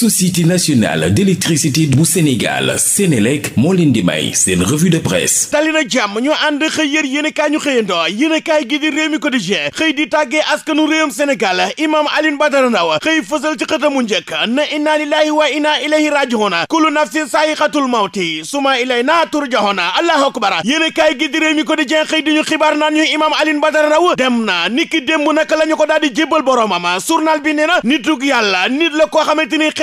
société nationale d'électricité bu Sénégal Sénélec moo leen di may seen revue de presse tali na jàmm ñu ànd xëy yër yéen kaay ñu xëyandoo yéen kaay gi di réew mi quotidien xëy di tàggee askanu réewum Sénégal imaam Alioune Badara Ndao xëy fësal ci xëtamu njëkk na inna lillahi wa inna ilayhi raji'un kullu nafsin sa'iqatul mawti summa ilayna turja'un allahu akbar yéen kaay gi di réew mi quotidien xëy di ñu xibaar naan ñu imaam Alioune Badara Ndao dem na niki démb la ñu ko daal di jébbal boromam journal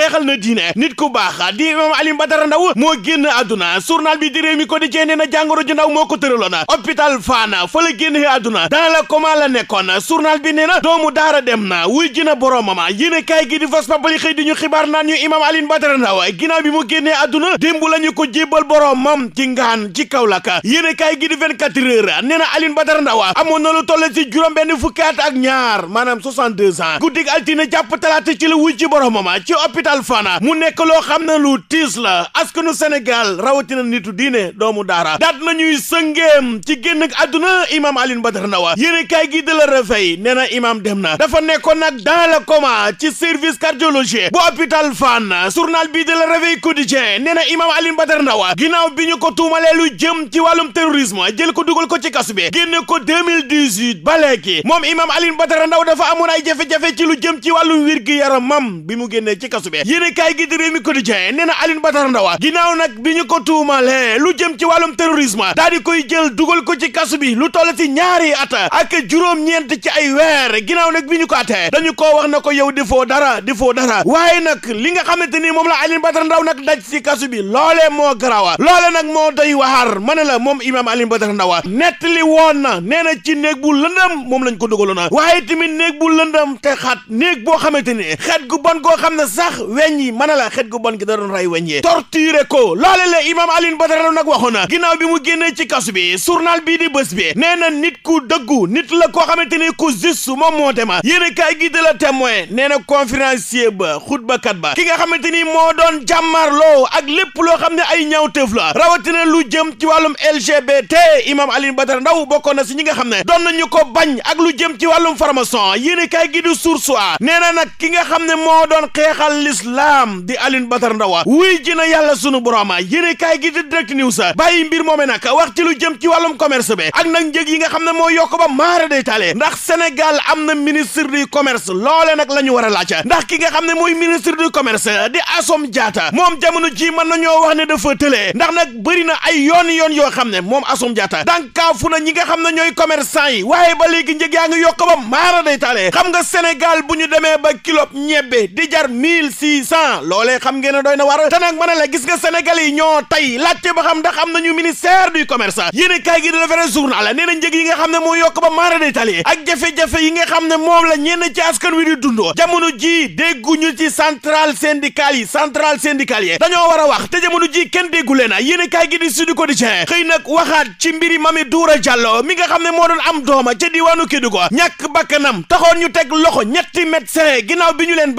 xeexal na diine nit ku baax di imam Alioune Badara Ndao moo génn àdduna journal bi di Rewmi Quotidien nee na jàngoro ju ndaw moo ko tëraloona hôpital Fana fa la génne àdduna dans le coma la nekkoon journal bi ne na doomu daara dem na wuy jina boromama yéen kaay gi di Vox Populi xëy di ñu xibaar naan ñu imam Alioune Badara Ndao ginnaaw bi mu génnee àdduna démb la ñu ko jébbal boromam ci ngaan ci Kaolack yéen kaay gi di 24 heures nee na Alioune Badara Ndao amoon na lu toll ci juróom benn fukki ak ñaar maanaam 62 ans guddig jàpp talaata ci la wuy ci boromama ci hôpital alfana mu nekk loo xam ne lu tiis la askanu Sénégal rawatina nitu diine doomu daara daat nañuy sëngeem ci génn ak àdduna alin Alioune Badara Ndaw yéene kaay gi de la refey nee na imaam dem na dafa nekkoon nag dans le ci service cardiologie bu hôpital Fann journal bii de la réveil quotidien nee na imaam Alioune Badara Ndaw ginnaaw bi ñu ko tuumalee lu jëm ci wàllum terrorisme jël ko dugal ko ci kasu bi génne ko 2018 ba léegi moom imaam Alioune Badara Ndaw dafa amoon ay jafe ci lu jëm ci wàllum wér gi yaramam bi mu génnee ci kasu yéene kaay gi di Rewmi Quotidien nee na Alioune Badara Ndao ginnaaw nag bi ñu ko tuumalee lu jëm ci wàllum terrorisme daal di koy jël dugal ko ci kasu bi lu toll ci ñaari at ak juróom-ñeent ci ay weer ginnaaw nag bi ñu ko atee dañu koo wax na ko yow defoo dara defoo dara waaye nag li nga xamante ni moom la Alioune Badara Ndao nag daj ci kasu bi loolee moo garaawa loole nag moo day waxaar ma ne la moom imaam Alioune Badara Ndao nettali woon na nee na ci néeg bu lëndëm moom lañ ko dugaloon waaye tamit néeg bu te xat néeg boo xamante ni xet gu bon koo xam ne sax weñ yi mën a la xet gu bon gi da doon rey weñ yee torturé ko loole la imaam Alioune Badara nag waxoon na ginnaaw bi mu génnee ci kasu bi journal bii di bés bi nee na nit ku dëggu nit la koo xamante ni ku juste moom moo tema yéen a kaay gi de la témoin nee na conférencier ba xutbakat ba ki nga xamante ni moo doon jàmmarloo ak lépp loo xam ne ay ñaawteef la rawatina lu jëm ci wàllum LGBT imaam Alioune Badara Ndaw bokkoon na si ñi nga xam ne doon nañu ko bañ ak lu jëm ci wàllum formation yéen a kaay gi di source nee na nag ki nga xam ne moo doon xeexal l'islam di Alioune Badara Ndaw wuy ji na yàlla sunu borom yéene kaay gi di sa news bàyyi mbir moome nag wax ci lu jëm ci wàllum commerce bi ak nag njëg yi nga xam ne moo yokk ba maara day taale ndax Sénégal am na ministre du commerce loole nag la ñu war a laaj ndax ki nga xam ne mooy ministre du commerce di Assome Diatta moom jamono ji mën nañoo wax ne dafa tëlee ndax nag bëri na ay yoon yoon yoo xam ne moom Assome Diatta dànkaafu na ñi nga xam ne ñooy commerçant yi waaye ba léegi njëg yaa ngi yokk ba maara day taale xam nga Sénégal bu ñu demee ba kilo ñebbe di jar mille six cent loolee xam ngeen ne doy na war te nag ma ne la gis nga Sénégal yi ñoo tey laajte ba xam ndax am nañu ministère du commerce yéen kaay gi di la vrai journal nee na njëg yi nga xam ne moo yokk ba maara de tali ak jafe-jafe yi nga xam ne moom la ñenn ci askan wi di dund jamono ji dégguñu ci central syndical yi central syndical yi dañoo war a wax te jamono ji kenn déggu leen a yéen kaay gi di Sud Quotidien xëy nag waxaat ci mbiri Mami Doura Diallo mi nga xam ne moo doon am dooma ca diwaanu Kédougou ñàkk bakkanam taxoon ñu teg loxo ñetti médecin ginnaaw bi ñu leen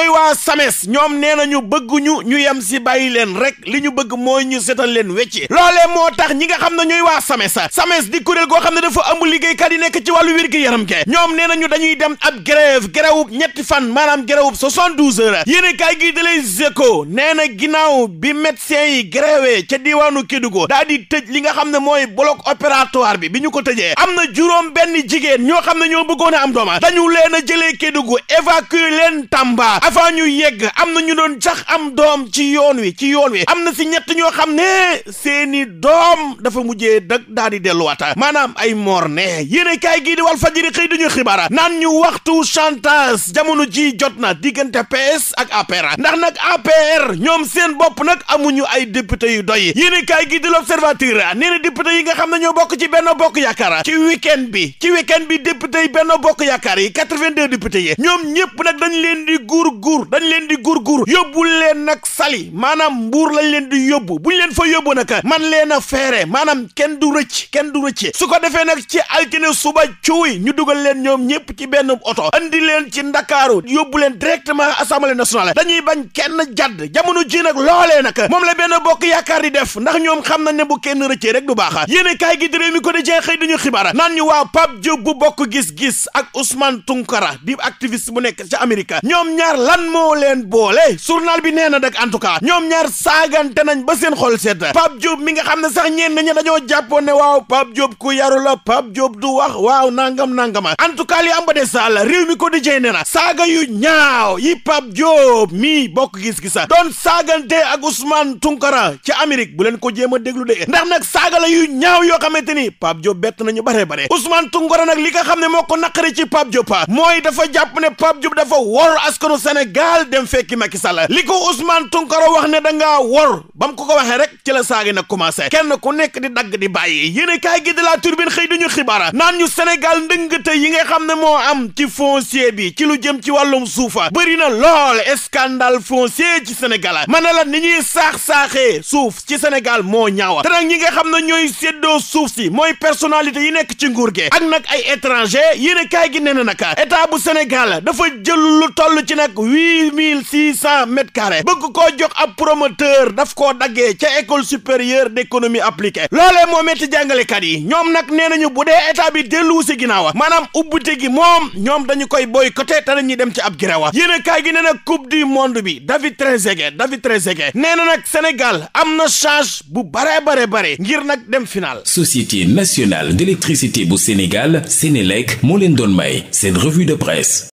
ñooy waa SAMES ñoom nee na ñu bëgguñu ñu yem si bàyyi leen rek li ñu bëgg mooy ñu setal leen wecc loolee moo tax ñi nga xam ne ñooy waa SAMES SAMES di kuréel goo xam ne dafa ëmb liggéeykat yi nekk ci wàllu wér gi yaram ke ñoom nee na ñu dañuy dem ab grève grèwub ñetti fan maanaam grèwub 72 heures yéen kaay gi da lay zeko nee na ginnaaw bi médecin yi grève ca diiwaanu Kédougou daa di tëj li nga xam ne mooy bloc opératoire bi bi ñu ko tëjee am na juróom benn jigéen ñoo xam ne ñoo bëggoon a am dooma dañu leen a jëlee Kédougou évacuer leen Tamba avant ñu yegg am na ñu doon sax am doom ci yoon wi ci yoon wi am na si ñett ñoo xam ne seeni doom dafa mujjee dëkk daal di delluwaat maanaam ay moor ne yéene kaay gii di wal fajiri xëy dañu xibaara naan ñu waxtu chantage jamono ji jot na diggante PS ak APR ndax nag APR ñoom seen bopp nag amuñu ay député yu doy yéene kay gii di l'observateur nee na député yi nga xam ne ñoo bokk ci benn bokk yaakaar ci week bi ci week bi député yi benn bokk yaakaar yi 82 députés yi ñoom ñëpp nag dañ leen di guur guur dañ leen di guur guur yóbbu leen nag sali maanaam mbuur lañ leen di yóbbu buñ leen fa yóbbu nag man leen a feere maanaam kenn du rëcc kenn du rëcc su ko defee nag ci altine suba cuuy ñu dugal leen ñoom ñëpp ci benn oto andi leen ci ndakaaru yóbbu leen directement assemblée nationale dañuy bañ kenn jadd jamono ji nag loolee nag moom la benn bokk yaakaar di def ndax ñoom xam na ne bu kenn rëccee rek du baax yéene kaay gi di réew mi ko di jeexee dañu xibaar naan ñu waa Pape Diop bokk gis-gis ak Ousmane Tunkara di activiste bu nekk ci Amérique ñoom ñaar lan moo leen boole journal bi nee na dak en tout cas ñoom ñaar saagante nañ ba seen xol seet Pape Diop mi nga xam ne sax ñeen nañu dañoo jàppoon ne waaw Pape Diop ku yaru la Pape Diop du wax waaw nangam nangama en tout cas li am ba des sall réew mi ko quotidien nee na saaga yu ñaaw yi Pape Diop mii bokk gis-gisa doon saagante ak Ousmane Tunkara ci Amérique bu leen ko jéem a déglu de ndax nag saaga la yu ñaaw yoo xamante ni Pape Diop bett nañu bare bare Ousmane Tunkara nag li nga xam ne moo ko ci Pape Diop mooy jàpp ne Sénégal dem fekki Macky Sall li ko Ousmane Tounkara wax ne danga ngaa wor ba ko ko waxee rek ci la saagi nag commencé kenn ku nekk di dagg di bàyyi yéen a kaay gi de la turbine xëy duñu xibaar naan ñu Sénégal ndëngte yi nga xam ne moo am ci foncier bi ci lu jëm ci wàllum suufa bëri na lool scandale foncier ci Sénégal ma ne la ni ñuy saax-saaxee suuf ci Sénégal moo ñaawa te nag ñi nga xam ne ñooy séddoo suuf si mooy personnalité yi nekk ci nguur gi ak nag ay étranger yéen a kaay gi nee na nag état bu Sénégal dafa jël lu toll ci nag huit mille six cent mètres carrés bëgg koo jox ab promoteur daf ko koo daggee ca école supérieure d'économie appliquée loolee moo metti jàngalekat yi ñoom nag nee nañu bu dee état bi dellu si ginnaawa maanaam ubbite gi moom ñoom dañu koy boy boycotté te dañuy dem ci ab gréwa yéen a gi nee na di du monde bi David Trezeguet David Trezeguet nee na nag Sénégal am na change bu bare baree bare ngir nag dem final. Société nationale d'électricité bu Sénégal Sénélec moo leen doon may seen revue de presse.